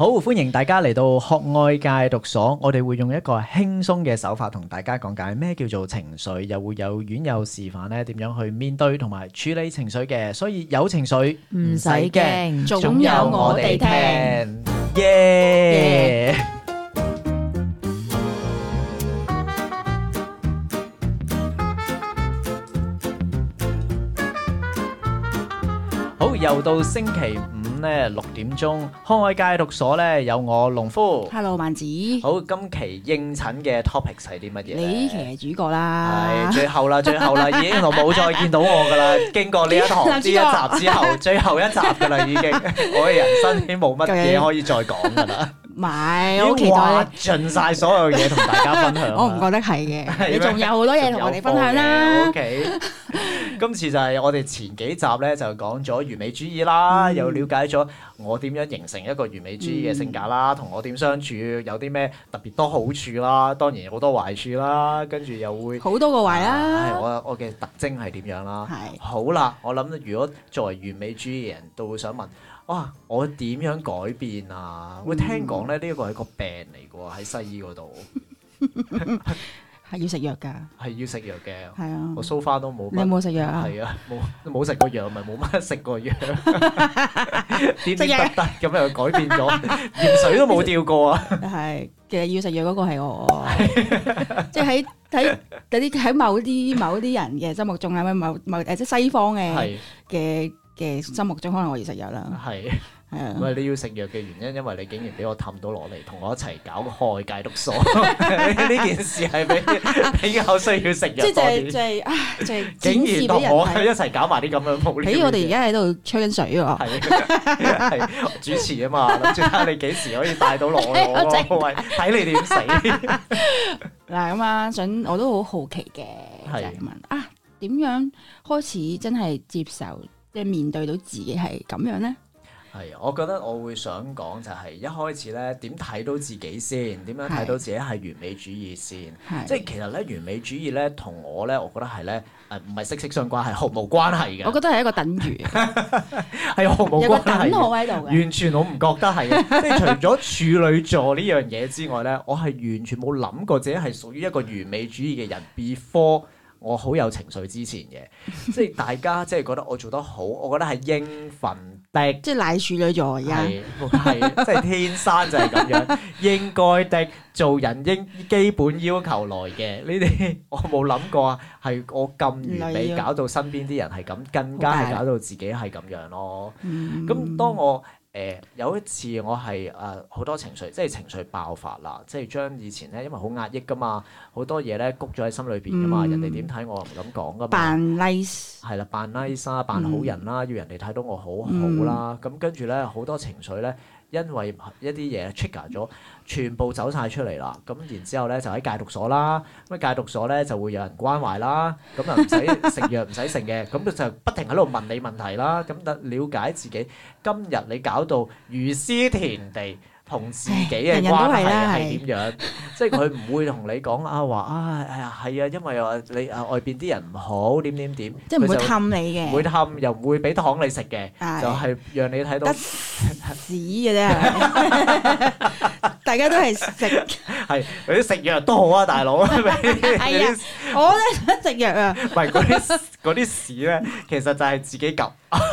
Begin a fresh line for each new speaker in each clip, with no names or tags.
好，歡迎大家嚟到渴愛戒毒所，我哋會用一個輕鬆嘅手法同大家講解咩叫做情緒，又會有院友示範咧，點樣去面對同埋處理情緒嘅，所以有情緒唔使驚，總有我哋聽。耶！好，又到星期五。咧，六點鐘，渴愛戒毒所咧，有我農夫。Hello，萬子。好，今期應診嘅 topic 係啲乜嘢？
你其實主角啦，係、哎、最後啦，最後啦，已經冇再見到我噶啦。經過呢一堂呢 角一集之後，
最後一集噶啦，已經 我嘅人生已經冇乜嘢可以再講噶啦。唔係，我好期待盡晒所有嘢同大家分享。 我唔覺得係嘅， 你仲有好多嘢同我哋分享啦。OK。今次就係我哋前幾集咧，就講咗完美主義啦，嗯、又了解咗我點樣形成一個完美主義嘅性格啦，同、嗯、我點相處，有啲咩特別多好處啦，當然好多壞處啦，跟住又會好多個壞啦。唉、呃，我我嘅特徵係點樣啦？是好啦，我諗，如果作為完美主義嘅人都會想問：哇、啊，我點樣改變啊？嗯、會聽講咧，呢一個係個病嚟嘅喎，喺西醫嗰度。
係要食藥噶，
係要食藥嘅，係啊，我梳花都冇。你有冇食藥啊？係啊，冇冇食過藥咪冇乜食過藥， 點點得咁樣改變咗，
鹽 水都冇掉過啊！係，其實要食藥嗰個係我，即係喺喺嗰啲喺某啲某啲人嘅心目中啊，咪？某某誒即係西方嘅嘅嘅心目中，可能我要食藥啦。
係。唔係你要食藥嘅原因，因為你竟然俾我氹到落嚟，同我一齊搞個渴愛戒毒所，呢 件事係比比較需要食藥。 即係就係、是就是、啊，
就係、是、竟然俾我一
齊搞埋啲咁樣。喺我哋而家
喺度吹緊水喎。
係 主持啊嘛，諗住睇下你幾時可以帶到落嚟。 我喂，睇你點死。
嗱咁 是啊，想我都好好奇嘅，係問啊，點樣開始真係接受，即、就、係、是、面對到自己係咁樣咧？
係，我覺得我會想講就係一開始咧，點睇到自己先，點樣睇到自己係完美主義先。是的 即係其實咧完美主義咧同我咧，我覺得係咧誒唔係息息相關，係毫無關係嘅。我覺得
係一個等於
係 毫無關係。有個等號喺度嘅。完全我唔覺得係。 即係除咗處女座呢樣嘢之外咧，我係完全冇諗過自己係屬於一個完美主義嘅人。Before 我好有情緒之前嘅， 即係大家即係覺得我做得好，我覺得係應分的，
即係乃處女座呀，係
即係天生就係咁樣， 應該的，做人應基本要求來嘅。呢啲我冇諗過啊，係我咁完美 搞到身邊啲人係咁，更加係搞到自己係咁樣咯。咁 當我誒、呃、有一次我係誒好多情緒，即係情緒爆發啦，即係將以前咧因為好壓抑㗎嘛，好多嘢咧谷咗喺心裏邊㗎嘛，嗯、人哋點睇我又唔敢講㗎嘛。扮 nice 係啦，扮 nice、啊、扮好人啦、啊，嗯、要人哋睇到我好好、啊、啦，咁跟住咧好多情緒咧。因為一啲嘢 trigger 咗，全部走晒出嚟啦。咁然之後咧就喺戒毒所啦，咁戒毒所咧就會有人關懷啦，咁啊唔使食藥唔使剩嘅，咁就不停喺度問你問題啦，咁就了解自己今日你搞到如斯田地。 同自己嘅關係係點樣？人人 即係佢唔會同你講啊，話啊，哎呀係啊，因為話你啊外邊啲人唔好點點點，即係唔會氹你嘅，唔會氹又唔會俾糖你食嘅，是就係讓你睇到
紙嘅啫。 大家都係食，
係嗰啲食藥都好啊，大佬。係啊，我想食
藥啊。唔係
嗰啲嗰啲屎咧，其實就係自己 𥄫，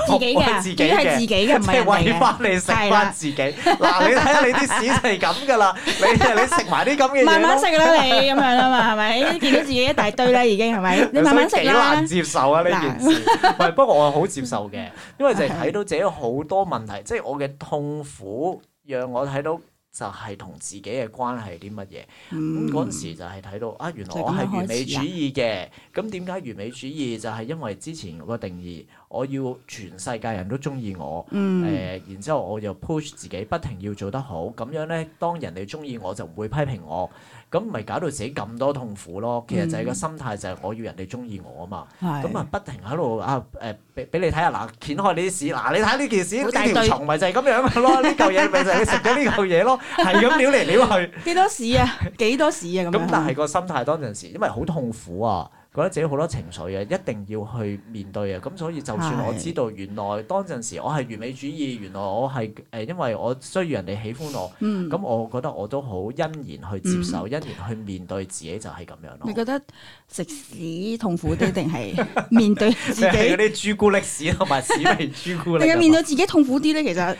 自己嘅，自己嘅，即係喂翻嚟食翻自己。嗱，你睇下你啲屎係咁噶啦，你你食埋啲咁嘅嘢。慢慢食啦，你咁樣啊嘛，係咪？見到自
己一大堆咧，已經係咪？你慢慢食啦。幾難
接受啊呢件事？唔係，不過我係好接受嘅，因為就係睇到自己好多問題，即係我嘅痛苦，讓我睇到。就係同自己嘅關係啲乜嘢，咁嗰陣時就係睇到啊，原來我係完美主義嘅。咁點解完美主義，就係因為之前個定義，我要全世界人都中意我，誒、嗯呃，然之後我又 push 自己不停要做得好，咁樣咧，當人哋中意我就唔會批評我。咁唔係搞到自己咁多痛苦咯，其實就係個心態就係我要人哋中意我啊嘛，咁啊、嗯、不停喺度啊誒俾俾你睇下嗱，掀、啊、開呢啲屎，嗱、啊、你睇下呢件事，呢像條蟲咪就係咁樣嘅咯，呢嚿嘢咪就係你食咗呢嚿嘢咯，係咁撩嚟撩去。幾多屎啊？幾多屎啊？咁。咁但係個心態當陣時，因為好痛苦啊。覺得自己好多情緒嘅，一定要去面對嘅。咁所以就算我知道原來當陣時我係完美主義，原來我係誒，因為我需要人哋喜歡我。咁、嗯、我覺得我都好欣然去接受，嗯、欣然去面對自己就係咁樣咯。
你覺得食屎痛苦啲
定係面對自己？即係嗰啲朱古力屎同埋屎味朱古力。你又面對
自己痛苦啲咧？其實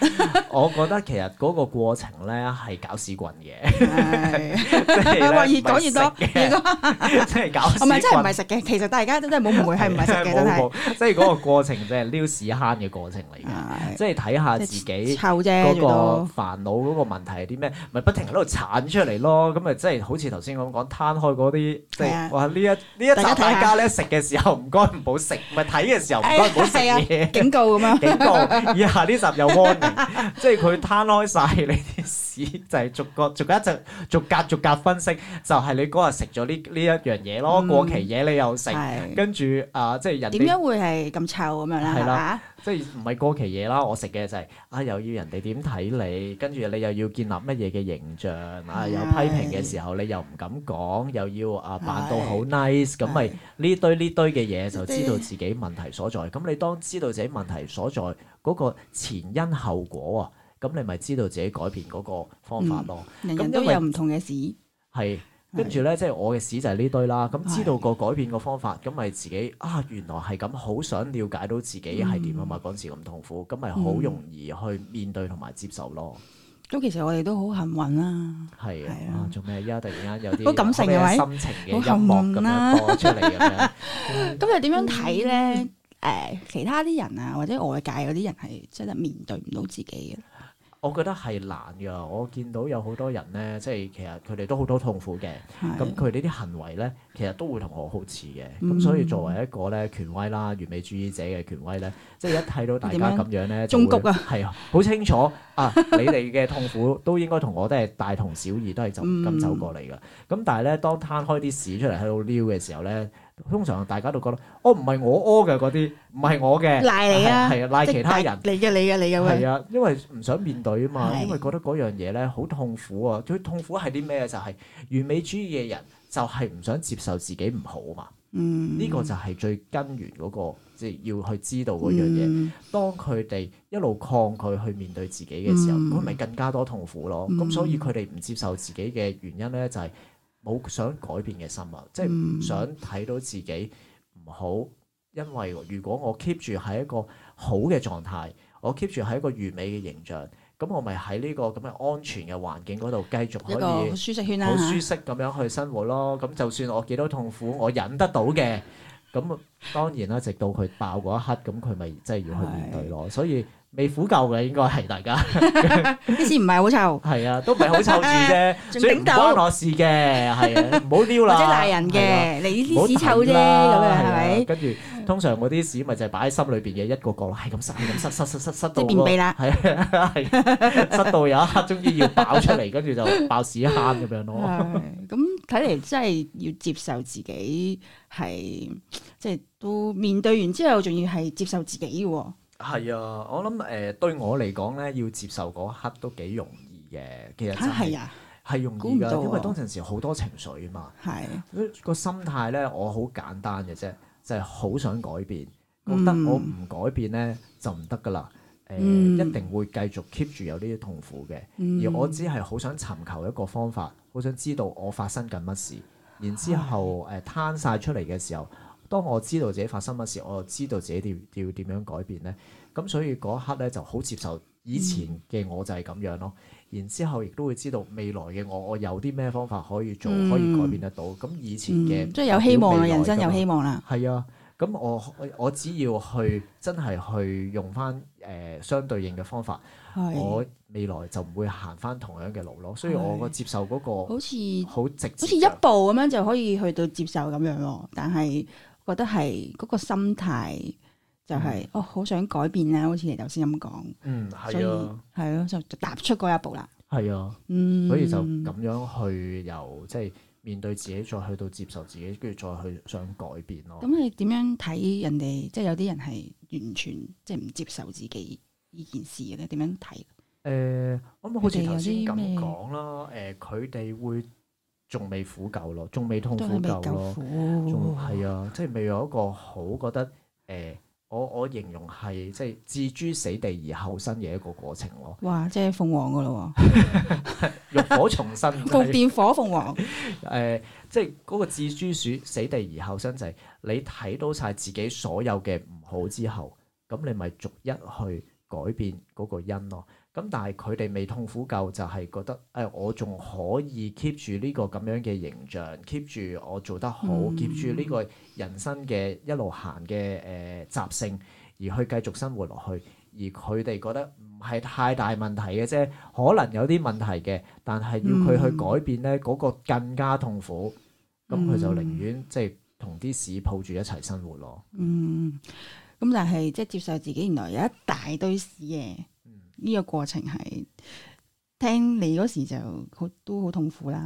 我覺得其實嗰個過程咧係搞屎棍嘅。係，越講越多，越多。真係搞屎
棍，其實大家真真係冇誤會，係唔係真？即
係嗰個過程，即係撩屎慳嘅過程嚟嘅，即係睇下自己嗰個煩惱嗰個問題係啲咩？咪不停喺度鏟出嚟咯，咁咪即係好似頭先咁講，攤開嗰啲，即係話呢一呢一集大家咧食嘅時候唔該唔好食，咪睇嘅時候唔該唔好食嘢，警
告咁樣，警告，
以下呢集有 warning，即係佢攤開晒你啲。就係逐個逐一就逐格逐格分析，就係、是、你嗰日食咗呢呢一樣嘢咯，嗯、過期嘢你又食，跟住啊即係人點樣
會係咁臭咁樣咧？係啦，
即係唔係過期嘢啦？我食嘅就係、是、啊，又要人哋點睇你，跟住你又要建立乜嘢嘅形象的啊？有批評嘅時候，你又唔敢講，又要啊扮到好 nice，咁咪呢堆呢堆嘅嘢就知道自己問題所在。咁你當知道自己問題所在嗰、那個前因後果啊？咁你咪知道自己改變嗰個方法咯，人人都有唔同嘅屎，係，跟住咧，即係我嘅屎就係呢堆啦。咁知道個改變個方法，咁咪自己啊，原來係咁，好想了解到自己係點啊嘛。嗰陣時咁痛苦，咁咪好容易去面對同埋接受咯。
咁其實我哋都好幸運啦。
係啊，做咩呀？突然間有啲好感性嘅心情嘅音樂咁樣播出嚟
嘅，咁又點樣睇咧？誒、呃，其他啲人啊，或者外界嗰啲人係真係面對唔
到自己嘅，我覺得係難噶。我見到有好多人咧，即係其實佢哋都好多痛苦嘅，咁佢哋啲行為咧，其實都會同我好似嘅。咁、嗯、所以作為一個咧權威啦，完美主義者嘅權威咧，嗯、即係一睇到大家咁樣咧，樣會中谷啊，係啊，好清楚 啊，你哋嘅痛苦都應該同我都係大同小異，都係就咁走過嚟噶。咁、嗯、但係咧，當攤開啲屎出嚟喺度撩嘅時候咧。通常大家都覺得哦，唔係我屙嘅嗰啲，唔係我嘅，賴你啊，係啊，賴其他人，你
嘅，你嘅，你嘅，係
啊，因為唔想面對啊嘛，的因為覺得嗰樣嘢咧好痛苦啊，最痛苦係啲咩？就係、是、完美主義嘅人就係唔想接受自己唔好啊嘛，
呢個就
係最根源嗰個，即、就、係、是、要去知道嗰樣嘢。嗯、當佢哋一路抗拒去面對自己嘅時候，咁咪、嗯、更加多痛苦咯。咁、嗯、所以佢哋唔接受自己嘅原因咧，就係、是。冇想改變嘅心啊，即係唔想睇到自己唔好，嗯、因為如果我 keep 住喺一個好嘅狀態，我 keep 住喺一個完美嘅形象，咁我咪喺呢個咁嘅安全嘅環境嗰度繼續可以舒適圈好舒適咁樣去生活咯。咁就算我幾多痛苦，我忍得到嘅，咁當然啦，直到佢爆嗰一刻，咁佢咪即係要去面對咯。是的 所以未苦夠嘅，應該係大家啲屎唔係好臭，係啊，都唔係好臭住啫，所以唔關我事嘅，係啊，唔好丟啦，即好賴人嘅，
你啲屎臭啫，咁樣係咪？
跟住通常嗰啲屎咪就係擺喺心裏邊嘅，一個個係咁塞，咁塞塞塞塞到即係便秘啦，係啊，係塞到有一刻終於要爆出嚟，跟住就爆屎坑咁樣咯。
咁睇嚟真係要接受
自己，
係即係都面對完之後，仲要係接受自己
嘅。係啊，我諗誒對我嚟講咧，要接受嗰一刻都幾容易嘅。其實係係容易㗎，因為當陣時好多情緒嘛。係個心態咧，我好簡單嘅啫，就係好想改變。覺得我唔改變咧就唔得㗎啦。誒一定會繼續 keep 住有呢啲痛苦嘅。而我只係好想尋求一個方法，好想知道我發生緊乜事。然之後誒攤晒出嚟嘅時候。當我知道自己發生乜事，我就知道自己要要點樣改變呢。咁所以嗰一刻咧就好接受以前嘅我就係咁樣咯。嗯、然之後亦都會知道未來嘅我，我有啲咩方法可以做，嗯、可以改變得到。咁以前嘅、嗯、即係有希望啊，人生有希望啦。係啊，咁我我只要去真係去用翻誒、呃、相對應嘅方法，是我未來就唔會行翻同樣嘅路咯。是所以我個接受嗰個好似好直接，好似一
步咁樣就可以去到接受咁樣咯。但係覺得係嗰個心態就係、是嗯、哦，好想改變咧，好似你頭先咁講。
嗯，係啊，
係咯，就踏出嗰一步啦。
係啊，嗯，所以就咁、啊嗯、樣去由，由即係面對自己，再去到接受自己，跟住再去想改變咯。咁、嗯、你
點樣睇人哋？即、就、係、是、有啲人係完全即係唔接受自己呢件事嘅咧？點樣睇？誒、呃，我好
似頭先咁講啦。誒，佢哋、呃、會。仲未苦夠咯，仲未痛苦夠咯，仲係啊，即係未有一個好覺得誒、呃，我我形容係即係置之死地而後生嘅一個過程咯。
哇，即係鳳凰噶咯，
浴火重生，復變 火鳳凰。誒， 即係嗰個置之鼠死地而後生就係你睇到晒自己所有嘅唔好之後，咁你咪逐一去改變嗰個因咯。咁但係佢哋未痛苦夠，就係、是、覺得誒、哎、我仲可以 keep 住呢個咁樣嘅形象，keep 住我做得好，keep 住呢個人生嘅一路行嘅誒習性，而去繼續生活落去。而佢哋覺得唔係太大問題嘅啫，可能有啲問題嘅，但係要佢去改變呢嗰、嗯、個更加痛苦。咁佢、嗯、就寧願即係同啲屎抱住一齊生活咯。嗯，
咁但係即係接受自己原來有一大堆屎嘅。呢個過程係聽你嗰時就好都好痛苦啦，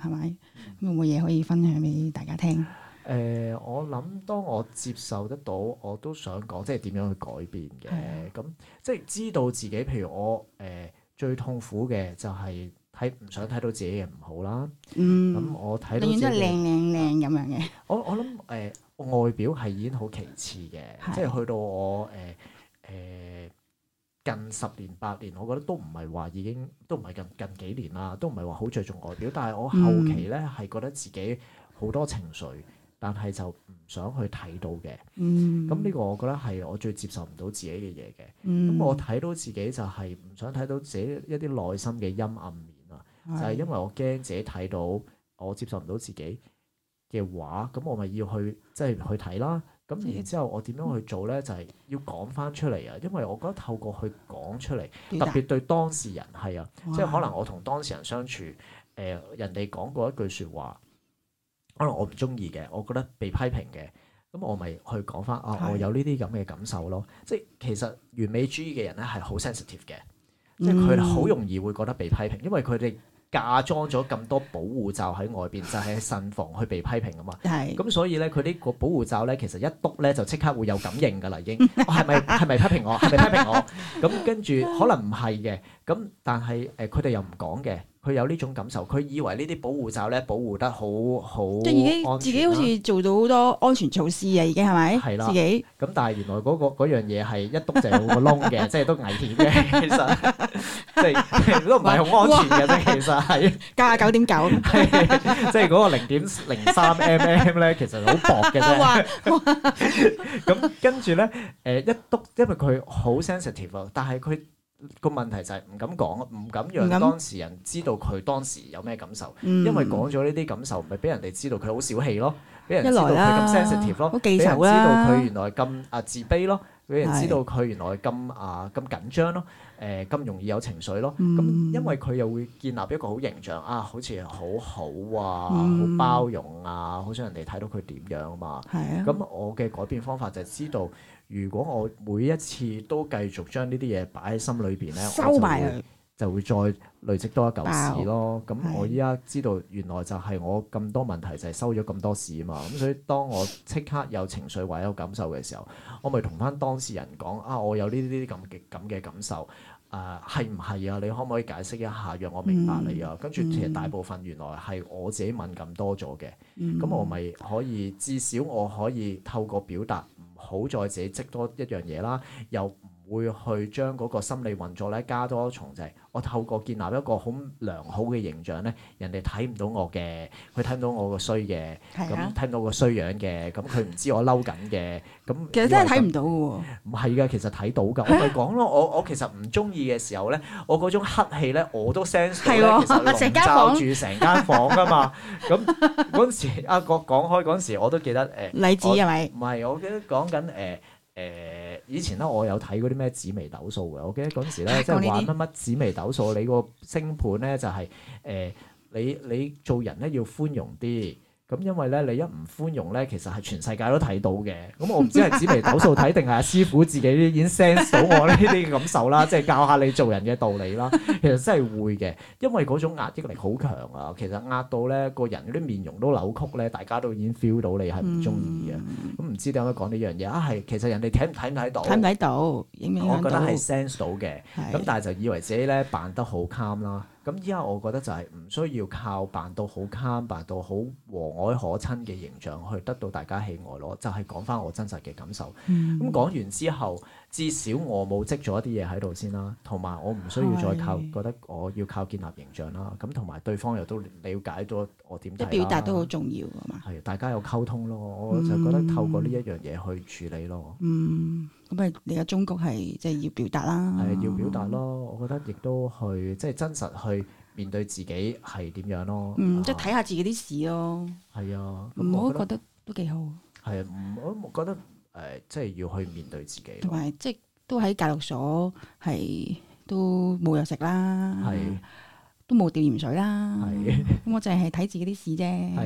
係咪？Mm. 有冇嘢可以分享俾大家
聽？誒、呃，我諗當我接受得到，我都想講，即係點樣去改變嘅。咁、mm. 嗯、即係知道自己，譬如我誒、呃、最痛苦嘅就係睇唔想睇到自己嘅唔好啦。Mm. 嗯，咁我睇到寧願都靚靚靚咁樣嘅。我我諗誒、呃、外表係已經好其次嘅，mm. 即係去到我誒誒。呃呃呃近十年八年，我覺得都唔係話已經，都唔係近近幾年啦，都唔係話好着重外表。但係我後期咧，係、嗯、覺得自己好多情緒，但係就唔想去睇到嘅。
咁呢、嗯、
個我覺得係我最接受唔到自己嘅嘢嘅。咁、嗯、我睇到自己就係唔想睇到自己一啲內心嘅陰暗面啊，就係、是、因為我驚自己睇到我接受唔到自己嘅話，咁我咪要去即係、就是、去睇啦。咁然之後，我點樣去做咧？就係、是、要講翻出嚟啊！因為我覺得透過去講出嚟，大特別對當事人係啊，哇 即係可能我同當事人相處，誒、呃、人哋講過一句説話，可能我唔中意嘅，我覺得被批評嘅，咁我咪去講翻啊！我有呢啲咁嘅感受咯。即係其實完美主義嘅人咧，係好 sensitive 嘅，
即係佢好容
易會覺得被批評，因為佢哋。加裝咗咁多保護罩喺外邊，就係、喺、慎防去被批評啊嘛。咁 所以咧，佢呢個保護罩咧，其實一篤咧就即刻會有感應㗎啦。已經，係咪？係咪批評我？係咪批評我？咁跟住可能唔係嘅。咁但係誒，佢、呃、哋又唔講嘅。佢有呢種感受，佢以為呢啲保護罩，咧保護得好好，即已經自己好似做到好多安全措施啊！已經係咪？係啦了，自己咁，但係原來嗰、嗰個樣嘢係一篤就係個窿嘅， 即係都危險嘅。其實即係都唔係好安全嘅哇。即係、mm、其實係
九點九，
即係嗰個零點零三 mm 咧，其實好薄嘅啫。咁跟住咧，誒一篤，因為佢好 sensitive，但係佢。個問題就係唔敢講，唔敢讓當事人知道佢當時有咩感受，嗯、因為講咗呢啲感受，咪俾人哋知道佢好小氣咯，俾人知道佢咁 sensitive 咯，俾人知道佢原來咁啊自卑咯，俾人知道佢原來咁的啊咁、啊、緊張咯。誒咁容易有情緒咯，咁、嗯、因為佢又會建立一個好形象啊，好似好好啊，好、嗯、包容啊，好想人哋睇到佢點樣啊嘛。咁、啊、我嘅改變方法就係知道，如果我每一次都繼續將呢啲嘢擺喺心裏邊咧，收埋，我就會就會再累積多一嚿屎咯。咁爆我依家知道原來就係我咁多問題就係、是、收咗咁多屎啊嘛。咁所以當我即刻有情緒或有感受嘅時候，我咪同翻當事人講啊，我有呢啲咁嘅咁嘅感受，誒係唔係啊？你可唔可以解釋一下，讓我明白你啊？跟住、嗯、其實大部分原來係我自己敏感多咗嘅。咁、嗯、我咪可以至少我可以透過表達，唔好再自己積多一樣嘢啦。又會去將嗰個心理運作咧加多一重就係。我透過建立一個好良好嘅形象咧，人哋睇唔到我嘅，佢睇到我個衰嘅，咁睇是、啊嗯、到個衰樣嘅，咁佢唔知我嬲緊嘅。咁、嗯、其實真係睇唔到嘅喎。唔係㗎，其實睇到㗎是、啊。我咪講咯，我我其實唔中意嘅時候咧，我嗰種黑氣咧，我都 sense 到咧。其實籠罩住成間,、啊、間房㗎嘛。咁嗰陣時，阿國講開嗰陣時，我都記得誒。例子係咪？唔係止，我記得講緊誒誒。欸欸欸欸以前咧，我有睇嗰啲咩紫微斗數嘅，我記得嗰陣時咧，即係玩乜乜紫微斗數，你個星盤咧就係、是、誒、呃，你你做人咧要寬容啲。咁因為咧，你一唔寬容咧，其實係全世界都睇到嘅。咁我唔知係紫微斗數睇定係阿師傅自己已經 sense 到我呢啲 感受啦，即係教下你做人嘅道理啦。其實真係會嘅，因為嗰種壓迫力好強啊。其實壓到咧個人嗰啲面容都扭曲咧，大家都已經 feel 到你係唔中意嘅。咁唔、嗯、知點解講呢樣嘢？啊，係其實人哋睇唔睇唔睇到？睇唔睇到？到我覺得係 sense 到嘅。咁的但係就以為自己咧扮得好 calm 啦。咁依家我覺得就係唔需要靠扮到好謙，扮到好和藹可親嘅形象去得到大家喜愛囉，就係、是、講翻我真實嘅感受。咁、嗯、講完之後，至少我冇積咗一啲嘢喺度先啦，同埋我唔需要再靠的覺得我要靠建立形象啦。咁同埋對方又都了解咗我點睇啦。你表達都好重要㗎嘛。係，大家有溝通咯，我就覺得透過呢一樣嘢去處理咯、嗯。嗯。咁啊！而家中國係即係要表達啦，係要表達咯。嗯、我覺得亦都去即係真實去面對自己係點樣咯。嗯，即
係睇下自己啲事咯。
係啊，我都覺
得都幾好。
係啊，我都覺得誒、呃，即係要去面對自己。同埋
即係都喺戒毒所，係都冇嘢食啦。係。都冇吊鹽水啦，咁是的 我淨係睇自己啲事啫，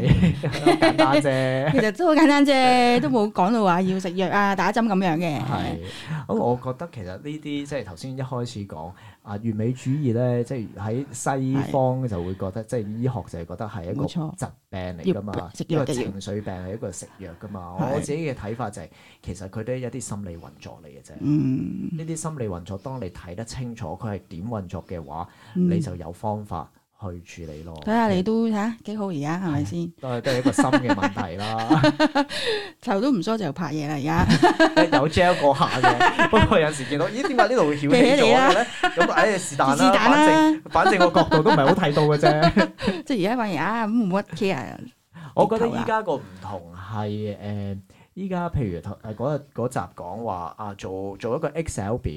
好簡單啫。 其實都好簡單啫， 都冇講到話要食藥啊、打針咁樣嘅。
係，那我覺得其實呢啲即係頭先一開始講。啊，完美主義咧，即係喺西方就會覺得，是即係醫學就係覺得係一個疾病嚟噶嘛，一個情緒病係一個食藥噶嘛。是我自己嘅睇法就係、是，其實佢都係一啲心理運作嚟嘅啫。嗯，呢啲心理運作，當你睇得清楚佢係點運作嘅話，嗯、你就有方法，去處理咯，睇下你都
吓幾好而家係咪先？都係都係一個心嘅問題啦，頭都唔梳就拍嘢啦而家，
有 gel 過下嘅，不過 有陣時見到咦，點解呢度會翹起咗嘅咧？咁唉是但啦，反正反正個角度都唔係好睇到嘅啫。
即係而家反而啊，咁冇乜 care。
我覺得依家個唔同係誒，依、呃、家譬如同誒嗰日集講話啊，啊，啊，啊，做做，做一個 Excel 表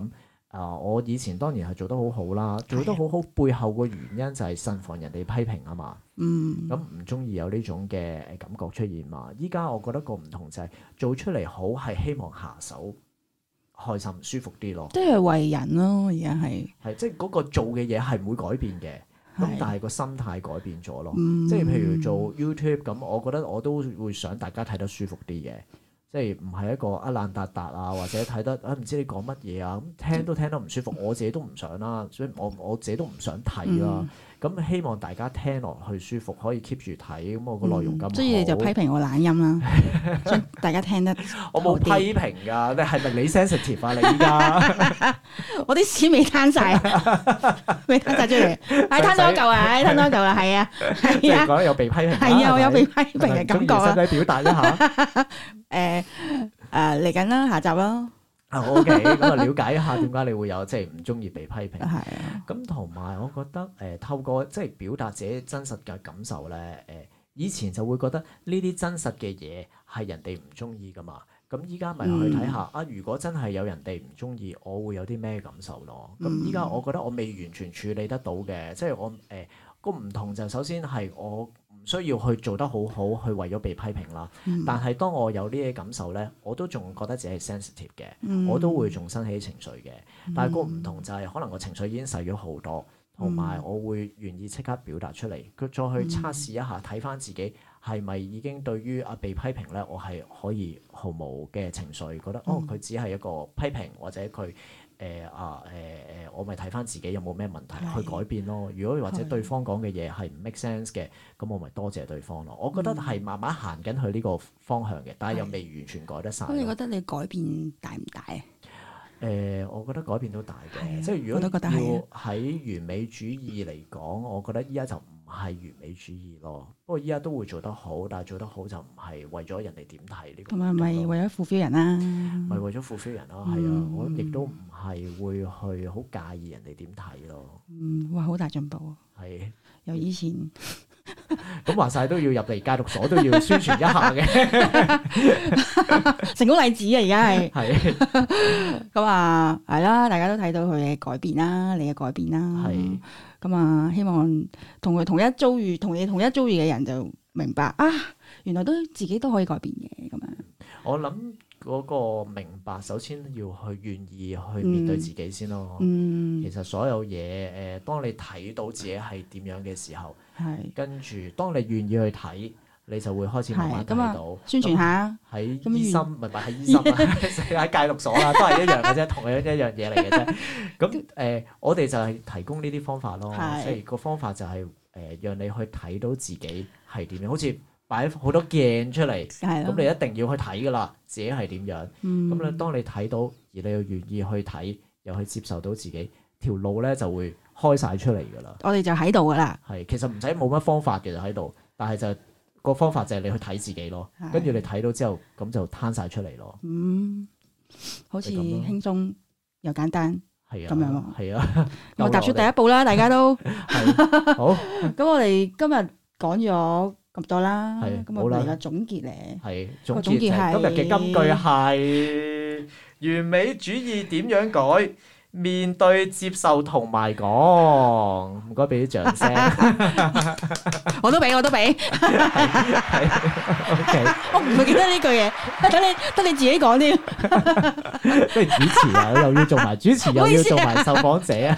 咁。啊、呃，我以前當然係做得好好啦，做得好好背後個原因就係慎防人哋批評啊嘛。嗯，
咁唔
中意有呢種嘅感覺出現嘛。依家我覺得個唔同就係做出嚟好係希望下手開心舒服啲咯。即係
為人咯，而家係
係即係嗰個做嘅嘢係唔會改變嘅，咁是但係個心態改變咗咯。嗯、即係譬如做 YouTube 咁，我覺得我都會想大家睇得舒服啲嘅。即係唔係一個一爛達達啊，或者睇得啊，唔知你講乜嘢啊，咁、啊、聽都聽得唔舒服，我自己都唔想啦、啊，所以我我自己都唔想睇啦、啊。嗯咁希望大家聽落去舒服，可以 keep 住睇，咁我個內容咁好所以你就批評我懶音啦，
大家聽得 我冇批
評噶，你係咪你 sensitive 啊你而家！
我啲屎未攤晒！
未攤晒出嚟，唉攤、 哎、多一嚿、哎哎、 啊，唉攤多一嚿啊，係啊，係啊，講有被批評，係 啊，我有被批評嘅感覺啊，咁要 身體表達一下，誒誒嚟緊啦，下集咯。啊 ，OK，咁啊，了解一下點解你會有即係唔中意被批評？係咁，同埋我覺得誒、呃，透過即係表達自己真實嘅感受咧，誒、呃，以前就會覺得呢啲真實嘅嘢係人哋唔中意噶嘛，咁依家咪去睇下、嗯、啊，如果真係有人哋唔中意，我會有啲咩感受咯？咁依家我覺得我未完全處理得到嘅，嗯、即係我誒、呃嗰個唔同就首先係我。需要去做得好好，去為咗被批評啦。嗯、但係當我有呢啲感受咧，我都仲覺得自己係 sensitive 嘅，我都會重新起情緒嘅。嗯、但係個唔同就係可能我情緒已經細咗好多，同埋我會願意即刻表達出嚟，佢再去測試一下，睇翻自己係咪已經對於啊被批評咧，我係可以毫無嘅情緒，覺得哦，佢只係一個批評或者佢。誒啊誒誒，我咪睇返自己有冇咩問題的去改變咯。如果或者對方講嘅嘢係唔 make sense 嘅，咁的我咪多謝對方咯。我覺得係慢慢行緊去呢個方向嘅，但係又未完全改得晒。咁你覺
得你改變大唔大
啊？誒、呃，我覺得改變都大嘅，的即係如果要喺完美主義嚟講，我覺得依家就。係完美主義咯，不過依家都會做得好，但係做得好就唔係為咗人哋點睇呢個咁，唔
咪為咗付費人啦、啊，咪為咗
付費人咯、啊，係、嗯、啊！我亦都唔係會去好介意人哋點睇咯。
嗯，哇，好大進步啊！係，由以前
咁 話晒都要入嚟戒毒所都要宣傳一下嘅 成
功例子啊！而家係係咁啊，係 啦、 嗯啊，大家都睇到佢嘅改變啦，你嘅改變啦，係、啊。啊，希望同佢同一遭遇、同你同一遭遇嘅人就明白啊，原來都自己都可以改變嘅。咁樣
我諗嗰個明白，首先要去願意去面對自己先咯。嗯，其實所有嘢誒、呃、當你睇到自己係點樣嘅時候，係跟住當你願意去睇。你就會開始慢慢睇到，宣傳下喺醫生，唔係喺醫生啦，喺戒毒所啦，都係一樣嘅啫，同樣一樣嘢嚟嘅啫。咁誒，我哋就係提供呢啲方法咯，即係個方法就係誒，讓你去睇到自己係點樣，好似擺好多鏡出嚟，咁你一定要去睇㗎喇，自己係點樣。咁咧，當你睇到，而你又願意去睇，又去接受到自己條路咧，就會開晒出嚟㗎喇。我哋就喺度㗎喇，係其實唔使冇乜方法嘅，就喺度，但係就。個方法就係你去睇自己咯，跟住你睇到之後，咁就攤晒出嚟咯。嗯，
好似輕鬆又簡單，係啊，咁樣咯，
係啊。我踏出第一步啦，大家都好。
咁我哋今日講咗咁多啦，咁我哋而家總結
咧，係總結，係今日嘅金句係完美主義點樣改？面對接受同埋講，唔該俾啲掌聲，
我都俾，我都俾。O K，我唔會記得呢句嘢，等你，等你自己講添。
不如主持啊，又要做埋主持，又要做埋受訪者啊。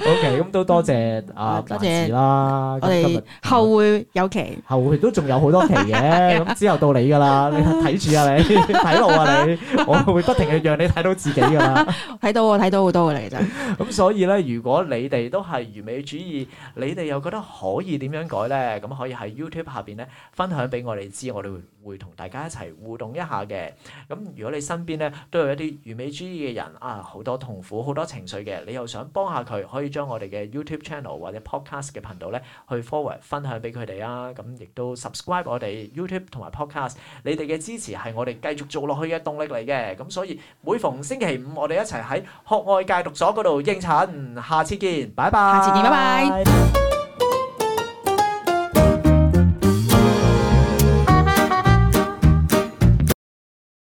O K，咁都多謝啊，多謝啦，我哋
後會有期，
後會都仲有好多期嘅，咁之後到你噶啦，你睇住啊你，睇路啊你，我會不停去讓你睇到自己噶
啦，睇到啊。睇到好多嘅嚟啫，
咁、 嗯、所以咧，如果你哋都係完美主義， 你哋又覺得可以點樣改咧？咁可以喺 YouTube 下邊咧分享俾我哋知，我哋會，會同大家一齊互動一下嘅，咁如果你身邊咧都有一啲完美主義嘅人啊，好多痛苦好多情緒嘅，你又想幫下佢，可以將我哋嘅 YouTube channel 或者 podcast 嘅頻道咧去 forward 分享俾佢哋啊，咁亦都 subscribe 我哋 YouTube 同埋 podcast，你哋嘅支持係我哋繼續做落去嘅動力嚟嘅，咁所以每逢星期五我哋一齊喺渴愛戒毒所嗰度應診，下次見，拜拜，下次見，拜拜。